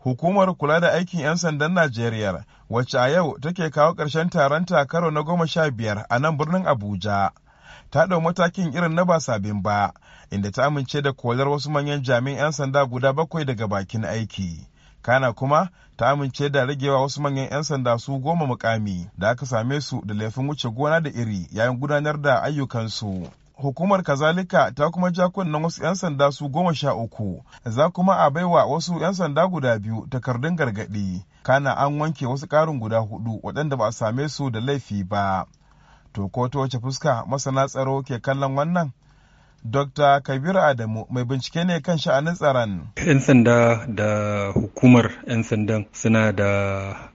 Hukumar kula da aikin 'yan sandan Najeriya wacce a yau take kawo ƙarshen taron karo na goma sha biyar a nan birnin Abuja. Ta ɗau matakin irin na ba sabin ba, inda ta amince da kolar wasu manyan jami'an 'yan sanda guda bakwai daga bakin aiki. Kana kuma ta amince da ragewa wasu manyan 'yan sanda su goma mukami da aka same su da laifin wuce gona da iri yayin gudanar da ayyukansu. hukumar kazalika ta kuma ja kunnen wasu 'yan sanda su goma sha uku za kuma a baiwa wasu 'yan sanda guda biyu takardun gargaɗi kana an wanke wasu ƙarin guda hudu waɗanda ba a same su da laifi ba to ko ta wace fuska masana tsaro ke kallon wannan Dr. Kabir Adamu mai bincike ne kan sha'anin tsaron. 'Yan sanda da hukumar 'yan sandan suna da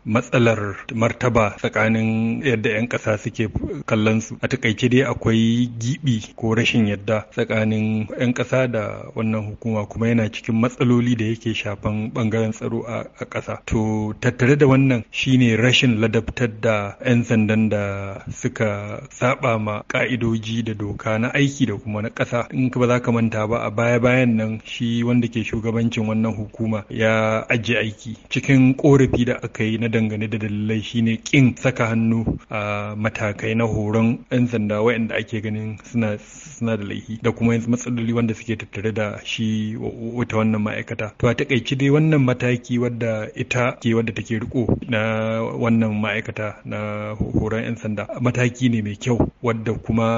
matsalar martaba tsakanin yadda 'yan ƙasa suke kallon su. A takaice dai akwai gibi ko rashin yadda tsakanin 'yan ƙasa da wannan hukuma kuma yana cikin matsaloli da yake shafan bangaren tsaro a ƙasa. To tattare da wannan shine rashin ladabtar da 'yan sandan da suka saba ma ka'idoji da doka na aiki da kuma na ƙasa ta in ka ba za ka manta ba a baya bayan nan shi wanda ke shugabancin wannan hukuma ya ajiye aiki cikin korafi da aka yi na dangane da dalilai shine kin saka hannu a matakai na horon 'yan sanda waɗanda ake ganin suna suna da laifi da kuma yanzu matsaloli wanda suke tattare da shi wata wannan ma'aikata to a takaici dai wannan mataki wadda ita ke wadda take riko na wannan ma'aikata na horon 'yan sanda mataki ne mai kyau wadda kuma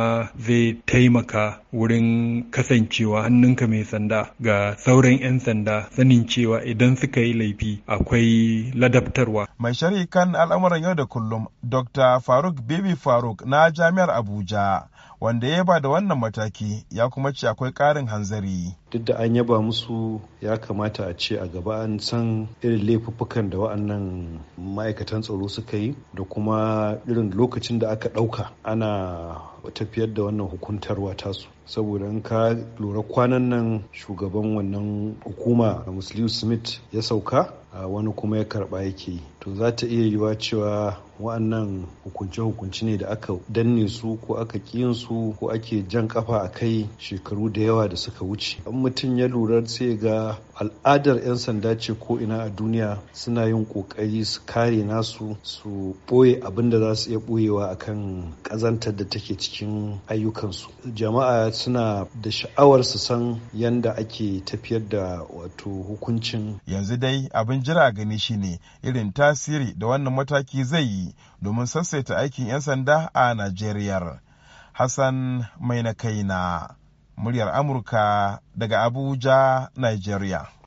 zai taimaka wurin kasancewa hannunka mai sanda ga sauran 'yan sanda sanin cewa idan suka yi laifi akwai ladabtarwa. Mai shari'i kan al'amuran yau da kullum Dr. Faruk Bibi Faruk na Jami'ar Abuja wanda ya ba da wannan mataki ya kuma ce akwai ƙarin hanzari. Duk da an yaba musu ya kamata a ce a gaba an san irin laifuffukan da wa'annan ma'aikatan tsaro suka yi da kuma irin lokacin da aka ɗauka ana tafiyar da wannan hukuntarwa tasu. saboda in ka lura kwanan nan shugaban wannan hukuma musliu smith ya sauka wani kuma ya karba yake yi to za ta iya yiwa cewa wa'annan hukunce-hukunce ne da aka danne su ko aka kiyin su ko ake jan kafa a kai shekaru da yawa da suka wuce an mutum ya lura sai ga al'adar 'yan sanda ce ko ina a duniya suna yin kokari su kare nasu su boye abin da za su iya ɓoyewa akan ƙazantar da take cikin ayyukansu jama'a suna da sha'awar su san yanda ake tafiyar da wato hukuncin yanzu dai abin jira gani shi shine irin tasiri da wannan mataki zai yi domin sassaita aikin 'yan sanda a Najeriya. Hassan mai na kaina, muryar Amurka daga Abuja, Najeriya.